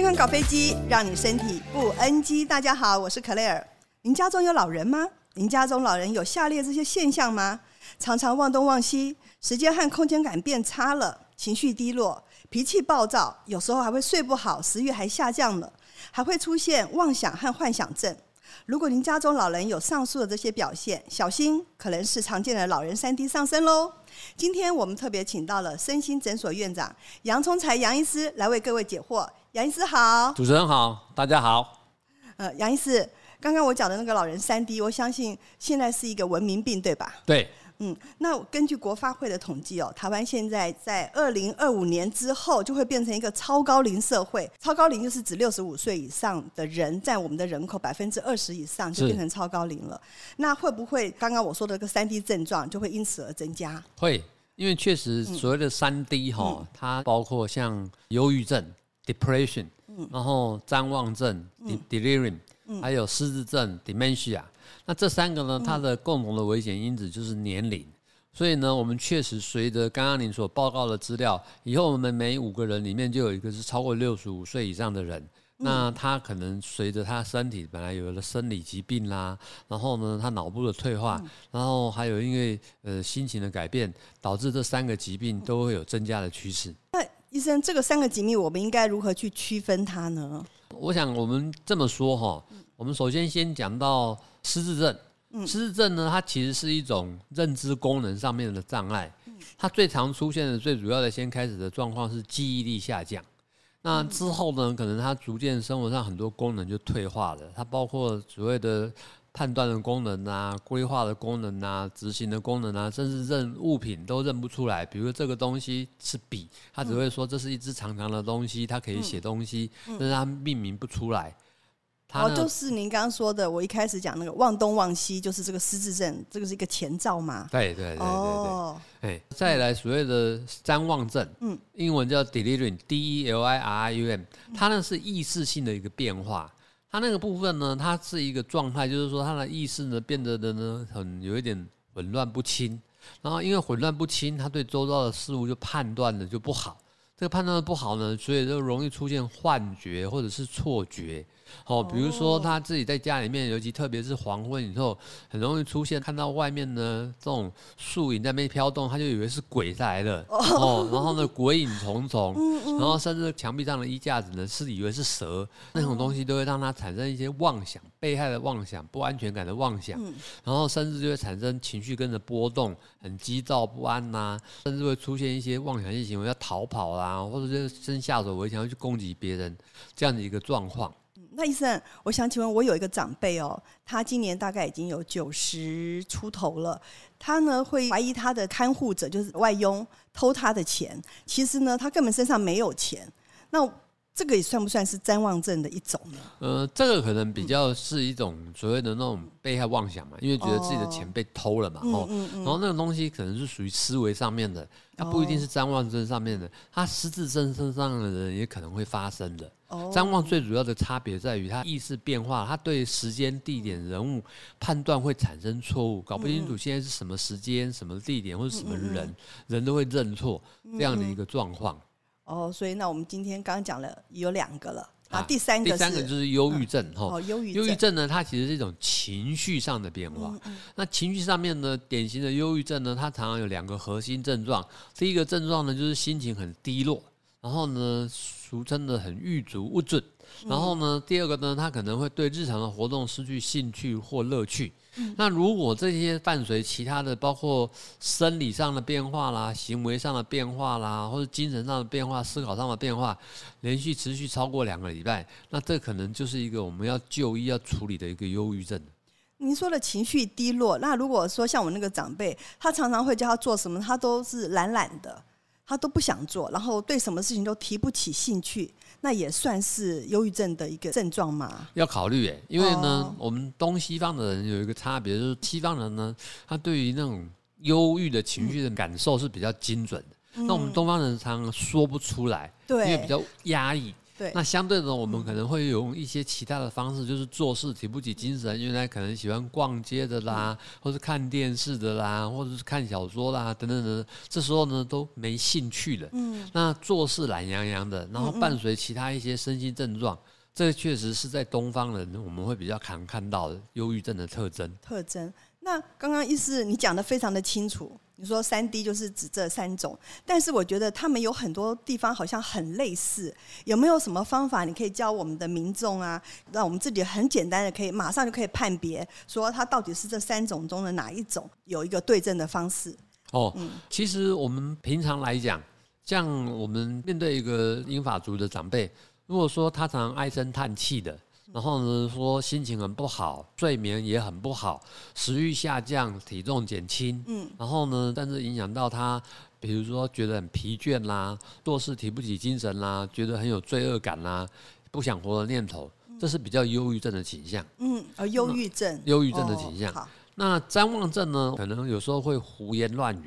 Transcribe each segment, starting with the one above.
健康搞飛機，讓你身體不 NG。大家好，我是 Claire。您家中有老人嗎？您家中老人有下列這些現象嗎？常常忘東忘西，時間和空間感變差了，情緒低落，脾氣暴躁，有時候還會睡不好，食慾還下降了，還會出現妄想和幻想症。如果您家中老人有上述的這些表現，小心可能是常見的老人 3D 上身嘍。今天我們特別請到了身心診所院長楊聰財楊醫師來為各位解惑。楊醫師好，主持人好，大家好。呃，楊醫師，剛剛我講的那個老人三 D，我相信現在是一個文明病，對吧？對，嗯，那根據國發會的統計哦，台灣現在在二零二五年之後就會變成一個超高齡社會。超高齡就是指六十五歲以上的人佔我們的人口百分之二十以上，就變成超高齡了。是。那會不會剛剛我說的這個三 D 症狀就會因此而增加？會，因為確實所謂的三 D 哈、哦，嗯，它包括像憂鬱症。depression，、嗯、然後譫妄症 De，delirium，、嗯嗯、還有失智症，dementia。Ia，那這三個呢，嗯、它的共同的危險因子就是年齡。所以呢，我們確實隨着剛剛您所報告的資料，以後我們每五個人裡面就有一個是超過六十五歲以上的人。嗯、那他可能隨着他身體本來有了生理疾病啦、啊，然後呢，他腦部的退化，嗯、然後還有因為呃心情的改變，導致這三個疾病都會有增加的趨勢。嗯醫生，這個三個疾病我們應該如何去區分它呢？我想我們這麼說哈，我們首先先講到失智症。失智症呢，它其實是一種認知功能上面的障礙。它最常出現的、最主要的、先開始的狀況是記憶力下降。那之後呢，可能它逐漸生活上很多功能就退化了。它包括所謂的，判斷的功能啊，規劃的功能啊，執行的功能啊，甚至認物品都認不出來。比如這個東西是筆，他只會說這是一支長長的東西，它可以寫東西，嗯嗯、但是它命名不出來。那個、哦，就是您剛剛說的，我一開始講那個忘東忘西，就是這個失智症，這個是一個前兆嘛。對對對對對。哦，再來所謂的譫妄症，嗯，英文叫 delirium，d、嗯、e l i r i u m，它呢是意識性的一個變化。他那個部分呢，他是一個狀態，就是說他的意識呢變得的呢很有一點紊亂不清，然後因為混亂不清，他對周遭的事物就判斷的就不好，這個判斷的不好呢，所以就容易出現幻覺或者是錯覺。哦，比如說他自己在家裡面，尤其特別是黃昏以後，很容易出現看到外面呢這種樹影在那邊飄動，他就以為是鬼來了哦。然後呢，鬼影重重，然後甚至牆壁上的衣架子呢是以為是蛇那種東西，都會讓他產生一些妄想、被害的妄想、不安全感的妄想，嗯、然後甚至就會產生情緒跟着波動，很急躁不安吶、啊，甚至會出現一些妄想性行為，要逃跑啦、啊，或者就先下手為強，要去攻擊別人這樣的一個狀況。那醫生，我想請問，我有一個長輩哦、喔，他今年大概已經有九十出頭了，他呢會懷疑他的看護者就是外傭偷他的錢，其實呢他根本身上沒有錢，那這個也算不算是譫妄症的一種呢？呃，這個可能比較是一種所謂的那種被害妄想嘛，因為覺得自己的錢被偷了嘛，哦，嗯嗯嗯、然後那個東西可能是屬於思維上面的，它不一定是譫妄症上面的，他失智症身上的人也可能會發生的。Oh, 譫妄，最主要的差別在於他意識變化，他對時間、地點、人物判斷會產生錯誤，搞不清楚現在是什麼時間、嗯、什麼地點或者什麼人，嗯嗯嗯、人都會認錯、嗯嗯、這樣的一個狀況。哦，所以那我們今天剛剛講了有兩個了，啊，第三個、啊、第三個就是憂鬱症哈。憂鬱症呢，它其實是一種情緒上的變化。嗯嗯、那情緒上面呢，典型的憂鬱症呢，它常常有兩個核心症狀。第一個症狀呢，就是心情很低落。然後呢，俗稱的很鬱卒勿準。然後呢，第二個呢，他可能會對日常的活動失去興趣或樂趣。那如果這些伴隨其他的，包括生理上的變化啦、行為上的變化啦，或者精神上的變化、思考上的變化，連續持續超過兩個禮拜，那這可能就是一個我們要就醫要處理的一個憂鬱症。您說的情緒低落，那如果說像我那個長輩，他常常會叫他做什麼，他都是懶懶的。他都不想做，然後對什麼事情都提不起興趣，那也算是憂鬱症的一個症狀嗎？要考慮耶，因為呢，哦、我們東西方的人有一個差別，就是西方人呢，他對於那種憂鬱的情緒的感受是比較精準的，嗯、那我們東方人常說不出來，嗯、因為比較壓抑。對那相對的，我們可能會用一些其他的方式，就是做事提不起精神。嗯、原來可能喜歡逛街的啦，嗯、或者看電視的啦，或者是看小說啦等等等等。這時候呢，都沒興趣了。嗯，那做事懶洋洋的，然後伴隨其他一些身心症狀，嗯嗯，這確實是在東方人我們會比較常看到的憂鬱症的特徵。特徵。那剛剛醫師你講得非常的清楚。你說三 D 就是指這三種，但是我覺得他們有很多地方好像很類似，有沒有什麼方法你可以教我們的民眾啊，讓我們自己很簡單的可以馬上就可以判別，說它到底是這三種中的哪一種，有一個對症的方式？哦，嗯，其實我們平常來講，像我們面對一個銀髮族的長輩，如果說他常唉聲嘆氣的。然後呢，說心情很不好，睡眠也很不好，食慾下降，體重減輕。嗯，然後呢，但是影響到他，比如說覺得很疲倦啦，做事提不起精神啦，覺得很有罪惡感啦，不想活的念頭，嗯、這是比較憂鬱症的傾向。嗯，啊，憂鬱症，憂鬱症的傾向。哦、好，那譫妄症呢，可能有時候會胡言亂語。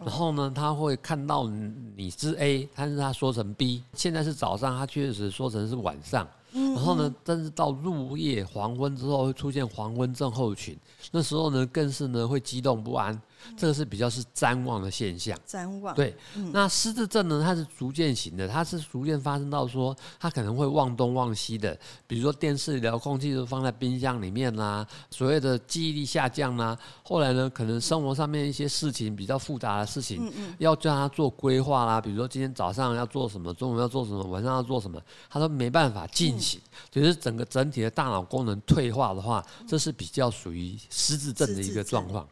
然後呢，他會看到你是 A，但是他說成 B。現在是早上，他確實說成是晚上。然後呢，但是到入夜、黃昏之後，會出現黃昏症候群，那時候呢，更是呢，會激動不安。這個是比較是譫妄的現象，譫妄對。嗯、那失智症呢？它是逐漸型的，它是逐漸發生到說，他可能會忘東忘西的，比如說電視遙控器都放在冰箱裡面啦、啊，所謂的記憶力下降啦、啊。後來呢，可能生活上面一些事情比較複雜的事情，嗯嗯要叫他做規劃啦，比如說今天早上要做什麼，中午要做什麼，晚上要做什麼，他都沒辦法進行，嗯、就是整個整體的大腦功能退化的話，嗯、這是比較屬於失智症的一個狀況。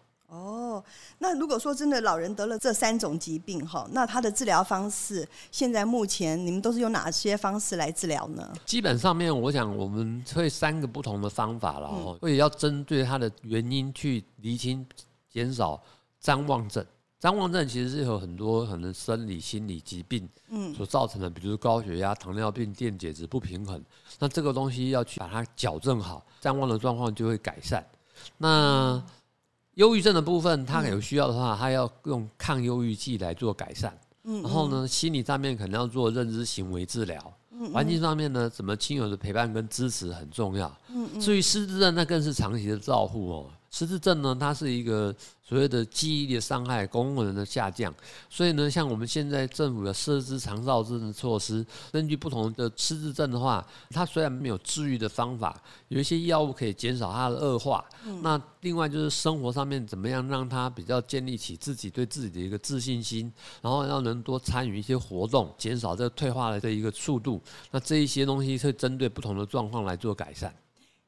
那如果說真的老人得了這三種疾病哈，那他的治療方式現在目前你們都是用哪些方式來治療呢？基本上面，我想我們會三個不同的方法了哈，會、嗯、要針對他的原因去釐清，減少譫妄症。譫妄症其實是有很多可能生理、心理疾病嗯所造成的，嗯、比如高血壓、糖尿病、電解質不平衡。那這個東西要去把它矯正好，譫妄的狀況就會改善。那憂鬱症的部分，他有需要的話，他要用抗憂鬱劑來做改善。然後呢，心理上面可能要做認知行為治療。環境上面呢，怎麼親友的陪伴跟支持很重要。所以至於失智症，那更是長期的照護哦。失智症呢，它是一個所謂的記憶力傷害、功能的下降，所以呢，像我們現在政府的設置長照政策措施，根據不同的失智症的話，它雖然沒有治癒的方法，有一些藥物可以減少它的惡化。嗯。那另外就是生活上面怎麼樣讓它比較建立起自己對自己的一個自信心，然後要能多參與一些活動，減少這個退化的這一個速度。那這一些東西是針對不同的狀況來做改善。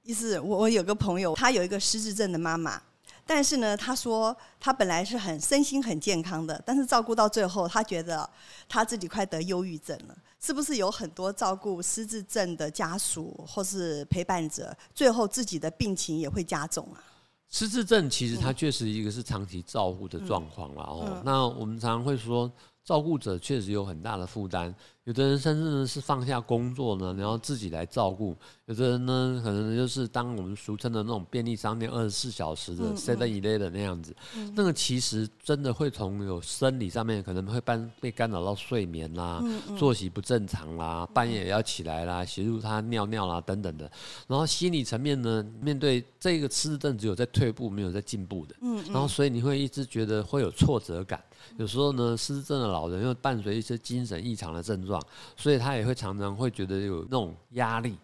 意思，我我有個朋友，他有一個失智症的媽媽，但是呢，他說他本來是很身心很健康的，但是照顧到最後，他覺得他自己快得憂鬱症了。是不是有很多照顧失智症的家屬或是陪伴者，最後自己的病情也會加重啊？失智症其實它確實一個是長期照顧的狀況了哦。嗯嗯、那我們常常會說，照顧者確實有很大的負擔。有的人甚至呢是放下工作呢，然後自己來照顧；有的人呢，可能就是當我們俗稱的那種便利商店二十四小時的，7-Eleven 之類的那樣子。嗯、那個其實真的會從有生理上面可能會被干擾到睡眠啦、嗯嗯、作息不正常啦、嗯、半夜也要起來啦、嗯、協助他尿尿啦等等的。然後心理層面呢，面對這個失智症只有在退步沒有在進步的，嗯嗯、然後所以你會一直覺得會有挫折感。有時候呢，失智症的老人又伴隨一些精神異常的症狀。所以他也會常常會覺得有那種壓力，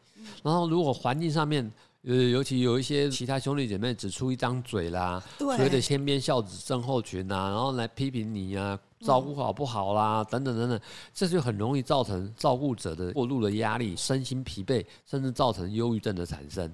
然後如果環境上面，呃，尤其有一些其他兄弟姐妹只出一張嘴啦，所謂的“天邊孝子症候群”啊，然後來批評你啊，照顧好不好啦，嗯、等等等等，這就很容易造成照顧者的過度的壓力，身心疲憊，甚至造成憂鬱症的產生。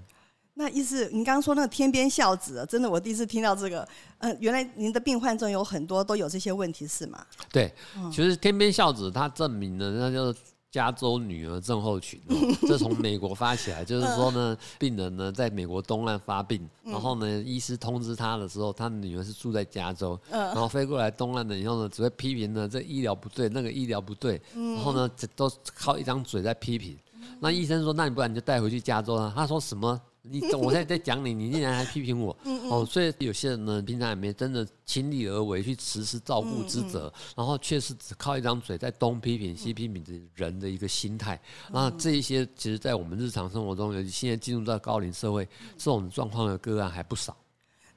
那意思，您剛剛說那個天邊孝子，真的我第一次聽到這個。嗯、呃，原來您的病患中有很多都有這些問題，是嗎？對，嗯、其實天邊孝子他證明了，那就是加州女兒症候群，哦、 這從美國發起來，就是說呢，呃、病人呢在美國東岸發病，然後呢，嗯、醫師通知他的時候，他的女兒是住在加州，嗯、然後飛過來東岸的以後呢，只會批評呢這醫療不對，那個醫療不對，嗯、然後呢，這都靠一張嘴在批評。嗯、那醫生說，那你不然你就帶回去加州了。他說什麼？你我在在講你，你竟然還批評我， 嗯嗯哦，所以有些人呢，平常也沒真的親力而為去實施照顧之責，嗯嗯然後卻是只靠一張嘴在東批評西批評的人的一個心態。嗯、那這一些其實，在我們日常生活中，尤其現在進入到高齡社會，這種狀況的個案還不少。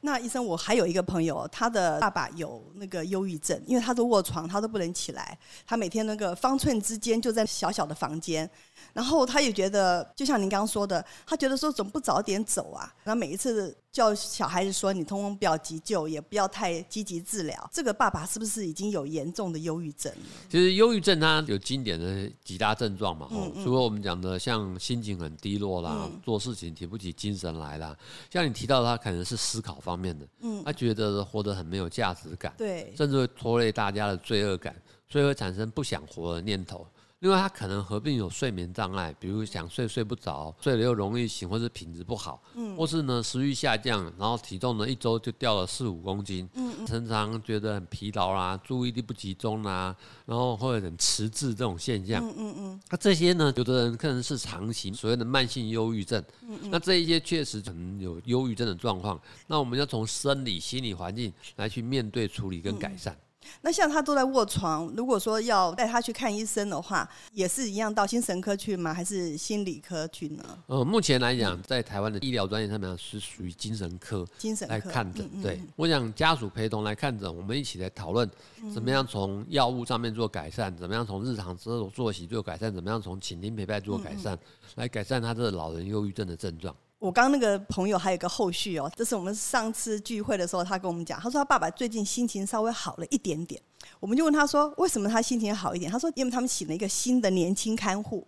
那醫生，我還有一個朋友，他的爸爸有那個憂鬱症，因為他都臥床，他都不能起來，他每天那個方寸之間就在小小的房間，然後他也覺得，就像您剛剛說的，他覺得說，怎麼不早點走啊？然後每一次。叫小孩子說你通通不要急救，也不要太積極治療。這個爸爸是不是已經有嚴重的憂鬱症了？其實憂鬱症它有經典的幾大症狀嘛。哦、嗯嗯，除了我們講的像心情很低落啦，嗯、做事情提不起精神來啦。像你提到他可能是思考方面的，嗯，他覺得活得很沒有價值感，對甚至會拖累大家的罪惡感，所以會產生不想活的念頭。另外，他可能合併有睡眠障礙，比如想睡睡不着，睡了又容易醒，或是品質不好，嗯、或是呢食慾下降，然後體重呢一周就掉了四五公斤，常常、嗯嗯、覺得很疲勞啦、啊，注意力不集中啦、啊，然後或者很遲滯這種現象，嗯嗯那、嗯啊、這些呢，有的人可能是長期所謂的慢性憂鬱症，嗯嗯那這一些確實可能有憂鬱症的狀況，那我們要從生理、心理環境來去面對、處理跟改善。嗯嗯那像他都在臥床，如果說要帶他去看醫生的話，也是一樣到精神科去嗎？還是心理科去呢？嗯、呃，目前來講，在台灣的醫療專業上面是屬於精神科，精神科來看診。對，嗯嗯、我想家屬陪同來看診，我們一起來討論怎麼樣從藥物上面做改善，怎麼樣從日常這種作息做改善，怎麼樣從傾聽陪伴做改善，來改善他這個老人憂鬱症的症狀。我剛那個朋友還有個後續哦，這是我們上次聚會的時候，他跟我們講，他說他爸爸最近心情稍微好了一點點。我們就問他說為什麼他心情好一點？他說因為他們請了一個新的年輕看護。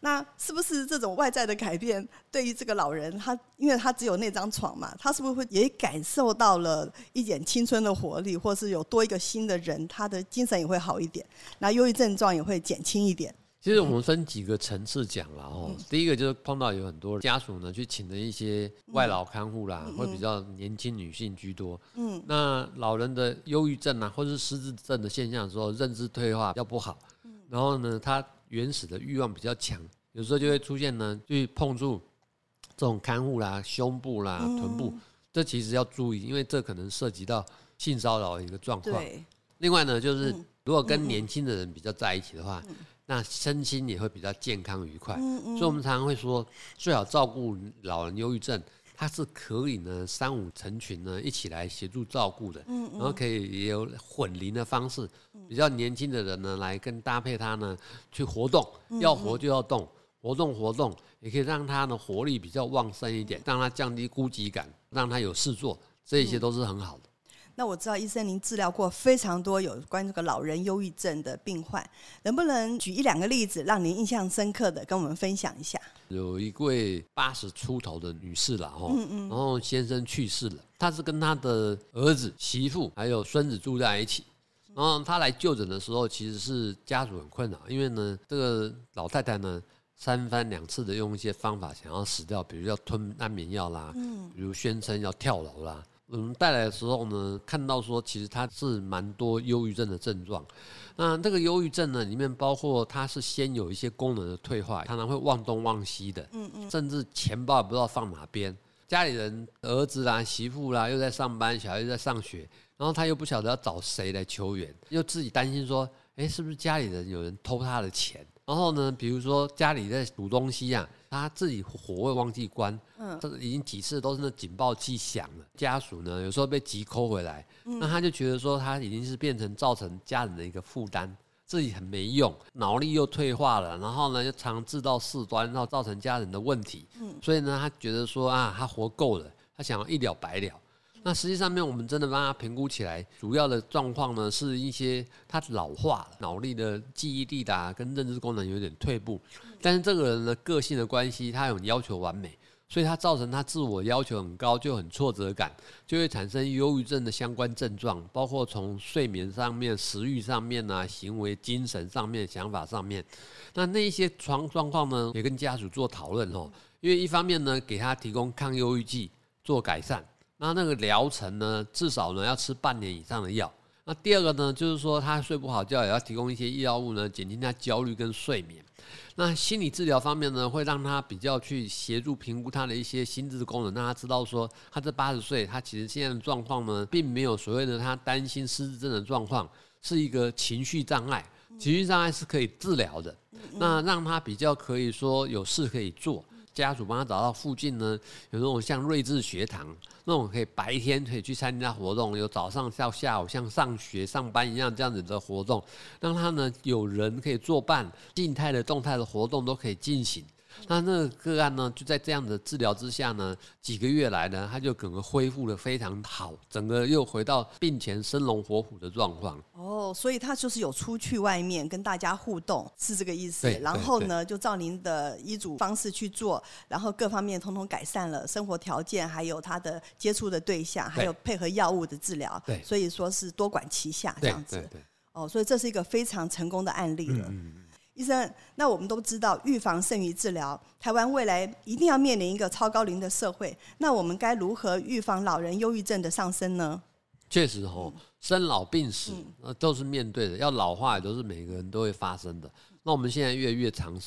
那是不是這種外在的改變，對於這個老人，他因為他只有那張床嘛，他是不是會也感受到了一點青春的活力，或是有多一個新的人，他的精神也會好一點，那憂鬱症狀也會減輕一點。其實我們分幾個層次講了哦。嗯、第一個就是碰到有很多家屬呢，去請的一些外勞看護啦，會、嗯嗯、比較年輕女性居多。嗯、那老人的憂鬱症啊，或是失智症的現象的時候，候認知退化比較不好。嗯、然後呢，他原始的欲望比較強，有時候就會出現呢，去碰觸這種看護啦、胸部啦、嗯、臀部，這其實要注意，因為這可能涉及到性騷擾一個狀況。對另外呢，就是如果跟年輕的人比較在一起的話。嗯嗯嗯那身心也會比較健康愉快，所以我們常常會說，最好照顧老人憂鬱症，他是可以呢，三五成群呢一起來協助照顧的，然後可以也有混齡的方式，比較年輕的人呢來跟搭配他呢去活動，要活就要動，活動活動也可以讓他的活力比較旺盛一點，讓他降低孤寂感，讓他有事做，這一些都是很好的。那我知道醫生您治療過非常多有關這個老人憂鬱症的病患，能不能舉一兩個例子，讓您印象深刻的跟我們分享一下？有一位八十出頭的女士了，吼，然後先生去世了，她是跟她的兒子、媳婦還有孫子住在一起，然後她來就診的時候，其實是家屬很困擾，因為呢，這個老太太呢三番兩次的用一些方法想要死掉，比如要吞安眠藥啦，嗯，比如宣稱要跳樓啦。我們帶來的時候呢，看到說其實他是蠻多憂鬱症的症狀。那這個憂鬱症呢，裡面包括他是先有一些功能的退化，常常會忘東忘西的，嗯嗯，甚至錢包也不知道放哪邊。家裡人、兒子啦、媳婦啦，又在上班，小孩又在上學，然後他又不曉得要找誰來求援，又自己擔心說，誒，是不是家裡人有人偷他的錢？然後呢，比如說家裡在煮東西啊，他自己火會忘記關。已經幾次都是那警報器響了，家屬呢，有時候被急 call 回來。嗯、那他就覺得說，他已經是變成造成家人的一個負擔，自己很沒用，腦力又退化了，然後呢又常制造事端，然後造成家人的問題。嗯、所以呢他覺得說啊，他活夠了，他想要一了百了。嗯、那實際上面我們真的幫他評估起來，主要的狀況呢是一些他老化了，腦力的、記憶力的、啊、跟認知功能有點退步，嗯、但是這個人的個性的關係，他有要求完美。所以他造成他自我要求很高，就很挫折感，就會產生憂鬱症的相關症狀，包括從睡眠上面，食欲上面啊、行為、精神上面、想法上面，那那些狀狀況呢，也跟家屬做討論哦。因為一方面呢，給他提供抗憂鬱劑做改善，那那個療程呢，至少呢要吃半年以上的藥。那第二個呢，就是說他睡不好覺，也要提供一些藥物呢，減輕他焦慮跟睡眠。那心理治療方面呢，會讓他比較去協助評估他的一些心智功能，讓他知道說，他這八十歲，他其實現在的狀況呢，並沒有所謂的他擔心失智症的狀況，是一個情緒障礙，情緒障礙是可以治療的。那讓他比較可以說有事可以做。家屬幫他找到附近呢，有那種像瑞智學堂那種可以白天可以去參加活動，有早上到下午像上學上班一樣這樣子的活動，讓他呢有人可以作伴，靜態的、動態的活動都可以進行。嗯、那那個個案呢，就在這樣的治療之下呢，幾個月來呢，他就整個恢復得非常好，整個又回到病前生龍活虎的狀況。哦，所以他就是有出去外面跟大家互動，是這個意思。對然後呢，就照您的醫囑方式去做，然後各方面通通改善了，生活條件還有他的接觸的對象，對還有配合藥物的治療，對所以說是多管齊下這樣子。對，對，對哦，所以這是一個非常成功的案例了。嗯。醫生，那我們都知道預防勝於治療。台灣未來一定要面臨一個超高齡的社會，那我們該如何預防老人憂鬱症的上升呢？確實哦，生老病死都是面對的，要老化也都是每個人都會發生的。那我們現在越來越長壽，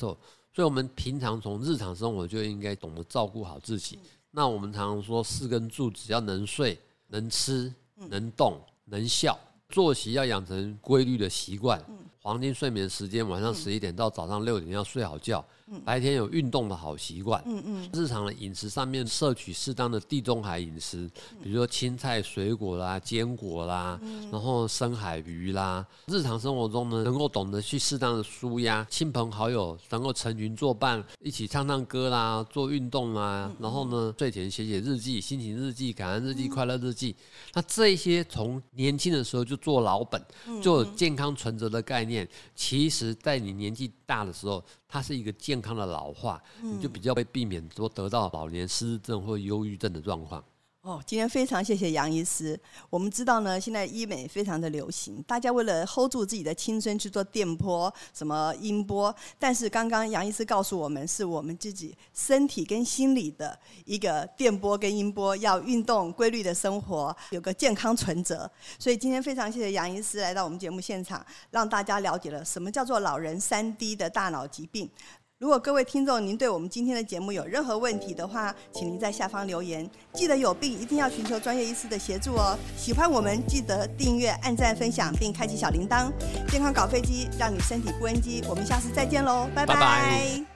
所以我們平常從日常生活就應該懂得照顧好自己。那我們常常說四根柱子，只要能睡、能吃、能動、能笑。作息要養成規律的習慣，黃金睡眠時間晚上十一點到早上六點要睡好覺。白天有運動的好習慣，嗯嗯、日常的飲食上面攝取適當的地中海飲食，嗯、比如說青菜、水果啦、堅果啦，嗯、然後深海魚啦。日常生活中呢，能夠懂得去適當的舒壓，親朋好友能夠成群作伴，一起唱唱歌啦，做運動啦。嗯、然後呢，睡前寫寫日記，心情日記、感恩日記、嗯、快樂日記。那這一些從年輕的時候就做老本、做健康存摺的概念，嗯嗯其實在你年紀大的時候，它是一個健康的老化，嗯、你就比較會避免說得到老年失智症或憂鬱症的狀況。哦，oh, 今天非常謝謝楊醫師。我們知道呢，現在醫美非常的流行，大家為了 hold 住自己的青春去做電波、什麼音波。但是剛剛楊醫師告訴我們，是我們自己身體跟心理的一個電波跟音波，要運動、規律的生活，有個健康存折。所以今天非常謝謝楊醫師來到我們節目現場，讓大家了解了什麼叫做老人三 D 的大腦疾病。如果各位聽眾您對我們今天的節目有任何問題的話，請您在下方留言。記得有病一定要尋求專業醫師的協助哦。喜歡我們記得訂閱、按贊、分享，並開啟小鈴鐺。健康搞飛機，讓你身體不 NG。我們下次再見嘍，拜拜。拜拜